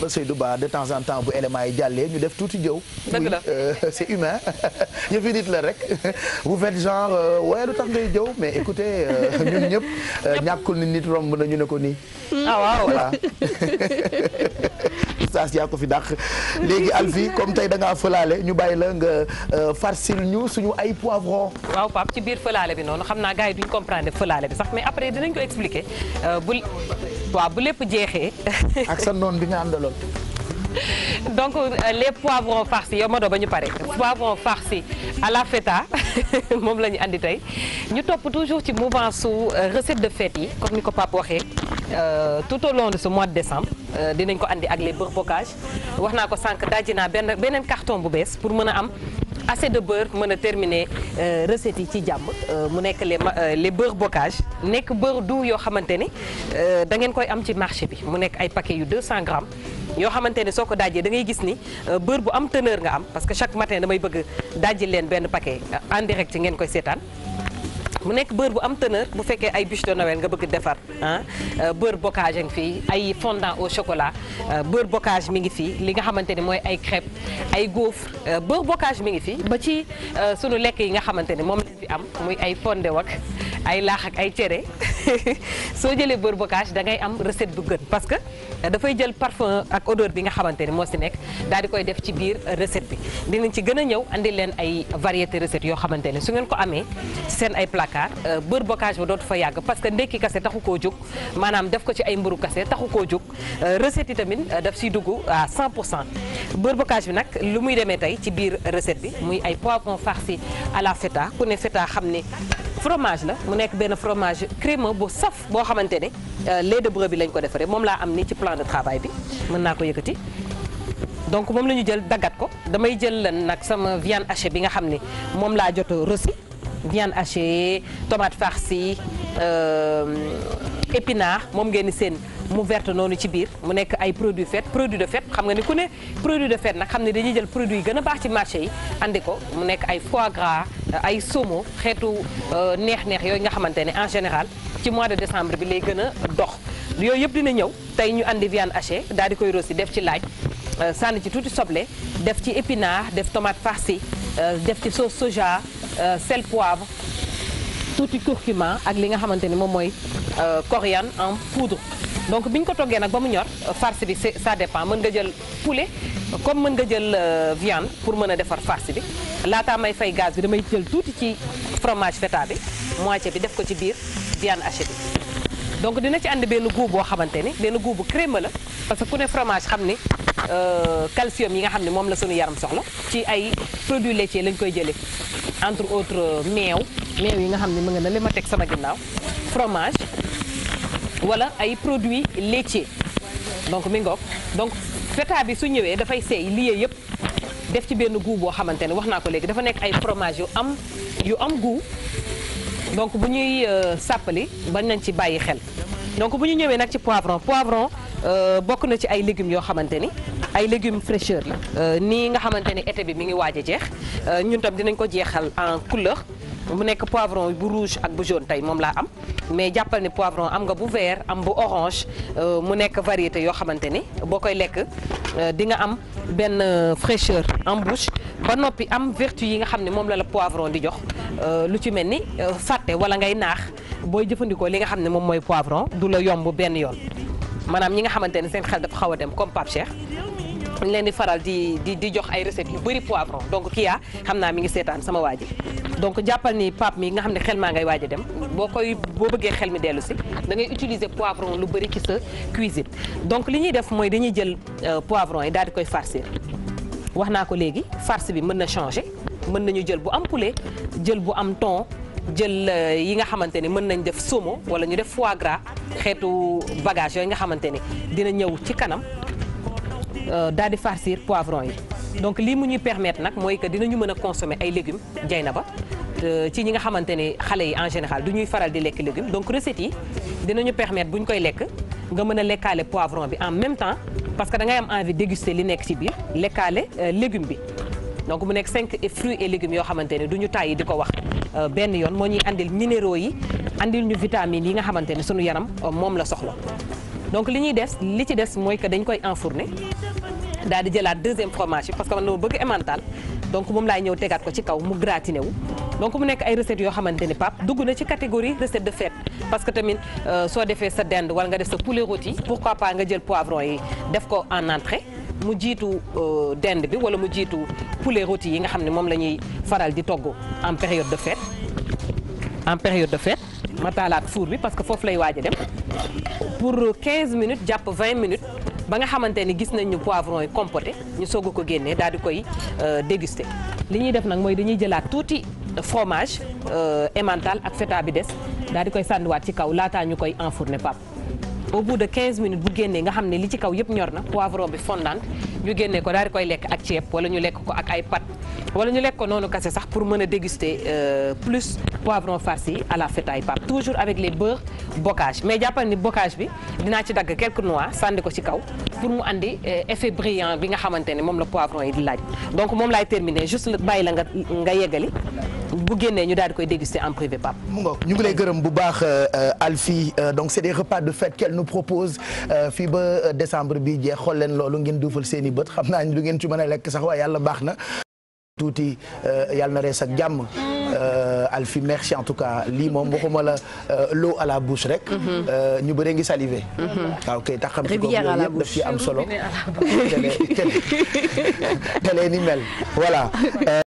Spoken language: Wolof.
ba Seydou Ba de temps en temps bu élément yi jàllee ñu def tuuti jaw dëgg la euh, c'est humain yëfi nit la rek vous faites genre waaye euh, lu tax ngay jëw mais écoutez euh, ñun ñëpp ñàkkul ni nit romb na ñu ne ko nii ah waaw oustaz yaa ko fi dàq léegi Alfi comme tey da fëlaale ñu bàyyi la nga euh, farcil ñu suñu ay poivron waaw Pape ci biir fëlaale bi noonu xam naa gars yi duñ comprendre fëlaale bi sax mais après dinañ ko expliquer euh, bu waaw bu lépp jeexee ak sa noon bi nga àndaloon donc euh, les poivrons farcis yow ma doo ba ñu pare poivron farci à la feta moom la ñu andi tey ñu topp toujours ci mouvement su recette de fête yi comme ni ko Pape waxee tout au long ce mois de décembre Euh, dinañ ko andi ak le beurre bocage wax naa ko sànq dajji naa benn beneen carton bu bees pour mën a am assez de beurre mën a terminer euh, recette yi ci jàmm euh, mu nekk les les beurre bocage nekk beurre doux yoo xamante ni da ngeen koy am ci marché bi mu nekk ay paquet yu 200 grammes yoo xamante ne soo ko dajjee da ngay gis ni beurre bu am teneur nga am parce que chaque matin damay bëgg dajji leen benn paquet en direct ngeen koy seetaan mu nekk beurre bu am teneur bu fekkee ay bûche de Noël nga bëgg defar ah beurre bocage a ngi fii ay fondant au chocolat beurre bocage mi ngi fii li nga xamante ni mooy ay crêpe ay gaufre euh, beurre bocage mi ngi fi ba ci euh, sunu lekk yi nga xamante ni moom lañ fi am muy ay fondé wak ay laax ak ay cere soo jëlee beurre bocage da ngay am recette bu gën parce que dafay jël parfum ak odeur bi nga xamante ne moo si nekk daal di koy def ci biir recette bi dinañ ci gën a ñëw indi leen ay variété recette yoo xamante ne su ngeen ko amee ci seen ay placard euh, beurre bocage ba dootu fa yàgg parce que ndekki kase taxu koo jóg maanaam def ko ci ay mburu kase taxu koo jóg euh, recette yi tamit euh, daf siy dugg à 100 pour cent beurre bocage bi nag lu muy demee tey ci biir recette bi muy ay poivron farci à la feta ku ne feta xam ne fromage la mu nekk benn fromage crémeux bu saf boo xamante ne euh, lait de bi lañ ko defaree moom laa am nii ci plan de travail bi mën naa ko yëkkati. donc moom la ñu jël daggat ko damay jël lan nag sama viande hachée bi nga xam ne moom laa jot rosi viande hachée tomate farcie euh, épinard moom ngeen di seen mu verte noonu ci biir mu nekk ay produits fet produits de fête xam nga ni ku ne produit de fête nag xam ne dañuy jël produit yi gën a baax ci marché yi andi ko mu nekk ay foie ay somo xeetu euh, neex-neex yooyu nga xamante ne en général ci mois de décembre bi lay gën a dox yooyu yëpp dina ñëw tey ñu andi viande hachée daal di koy rossi def ci laaj euh, sànni ci tuuti soble def ci épinard def tomate farcie euh, def ci sauce soja sel poivre tuuti curcuma ak li nga xamante ni moom mooy coriandre en poudre donc bi ñu ko toggee nag ba mu ñor farce bi ça dépend mën nga jël poulet comme mën nga jël euh, viande pour mën a defar farce bi laataa may fay gaz bi damay jël tuuti ci fromage feta bi moitié bi def ko ci biir viande hachée bi donc dina ci ànd benn goût boo xamante ni benn goût bu crème la parce que ku ne fromage xam ni euh, calcium yi nga xam ne moom la suñu yaram soxla ci ay produits laitiers lañ koy jëlee entre autres euh, meew meew yi nga xam ne mu nga na li ma teg sama ginnaaw fromage wala ay produits laitiers donc mi ngoog donc feta bi su ñëwee dafay seey liyee yëpp def ci benn goût boo xamante ne wax naa ko léegi dafa nekk ay fromage yu am yu am goût donc bu ñuy euh, sàppali bañ nañ ci bàyyi xel donc bu ñu ñëwee nag ci poivron poivron euh, bokk na ci ay légumes yoo xamante ni ay légumes fraîcheur la. Euh, nii nga xamante ni été bi mi ngi waaj a jeex ñun tam dinañ ko jeexal en couleur. mu nekk poivron bu rouge ak bu jaune tey moom laa am mais jàppal ne poivron am nga bu ver am bu orange euh, mu nekk variété yoo xamante ni boo koy lekk euh, di nga am benn euh, fraîcheur en bouche ba noppi am vertu yi nga xam ne moom la la poivron di jox lu ci mel ni fàtte wala ngay naax booy jëfandikoo li nga xam ne moom mooy poivron du la yomb benn yoon maanaam ñi nga xamante ne seen xel dafa xaw a dem comme Pape Cheikh ñu leen di faral di di di jox ay recettes yu bëri poivron donc kii yaa xam naa mi ngi seetaan sama waa ji donc jàppal ni pap mi nga xam ne xel maa ngay waaj a dem boo koy boo bëggee xel mi dellu si da ngay utiliser poivron lu bëri ci sa cuisine donc li ñuy def mooy dañuy jël euh, poivron yi daal di koy farcir wax naa ko léegi farce bi mën na changé mën nañu jël bu am poulet jël bu am thon jël euh, yi nga xamante ni mën nañ def somo wala ñu def fois gras xeetu bagage yooyu nga xamante ni dina ñëw ci kanam Euh, daal di farcir poivron yi donc lii mu ñuy permettre nag mooy que dinañu mën a consommer ay légumes jay na ba ci ñi nga xamante ne xale yi en général du ñuy faral di lekk légumes donc recette yi dinañu permettre bu ñu koy lekk nga mën a lekkaale poivron bi en même temps parce que da am envie déguster li nekk ci biir lekkaale euh, légume bi donc mu nekk cinq fruits et légumes yoo xamante ne du ñu tàyyi di ko wax euh, benn yoon moo ñuy indil minéraux yi andil ñu vitamines yi nga xamante ne sunu yaram moom la soxla donc li ñuy des li ci des mooy que dañ koy enfourner daal di jëlaat deuxième fromage parce que man dama bëgg emmental donc moom laay ñëw tegaat ko ci kaw mu gratiné wu donc mu nekk ay recettes yoo xamante ni pap dugg na ci catégorie recette de fête parce que tamit euh, soo defee sa dend wala nga def sa poulet rôti pourquoi pas nga jël poivron yi def ko en entrée mu jiitu euh, dend bi wala mu jiitu poulet rôti yi nga xam ne moom la ñuy faral di togg en période de fête en période de fête ma taalaat four bi parce que foofu lay waaj a dem pour 15 minutes jàpp 20 minutes ba nga xamante ni gis nañ ñu poivron yi compoté ñu soog ko génnee daal di koy euh, dégusté li ñuy def nag mooy dañuy jëlaat tuuti fromage euh, emmental ak feta bi des daal di koy sànniwaat ci kaw laataa ñu koy enfourner pap au bout de 15 minutes bu génnee nga xam ne li ci kaw yëpp ñor na poivron bi fondant ñu génnee ko daal di koy lekk ak ceeb wala ñu lekk ko ak ay pâtes wala ñu lekk ko noonu kase sax pour mën a déguster euh, plus poivron farci à la fetaille pape toujours avec les beurres bocage mais jàppal ni bocage bi dinaa ci dagg quelques noix sànni ko ci kaw pour mu andi euh, effet brillant bi nga xamante ne moom la poivron yi di laaj donc moom laay terminer juste bàyyi la nga nga yeggali bu génnee ñu daal di koy déguster en privé Pape. mu ngoog ñu ngi gërëm bu baax euh, Alfie euh, donc c' est des repas de fête qu'elle nous propose euh, fii ba décembre bi jeex xool leen loolu ngeen duufal seen i bët xam naa ni lu ngeen ci mën a lekk sax waaye yàlla baax na. tuuti yàlla na rees ak jàmm. Alfi merci en tout cas lii moom waxuma la l'eau à la bouche rek. Mhm. ñu bëree ngi salivé. waaw mhm. ah, kay tax xam ci kooku yooyu am solo. télé ni mel voilà.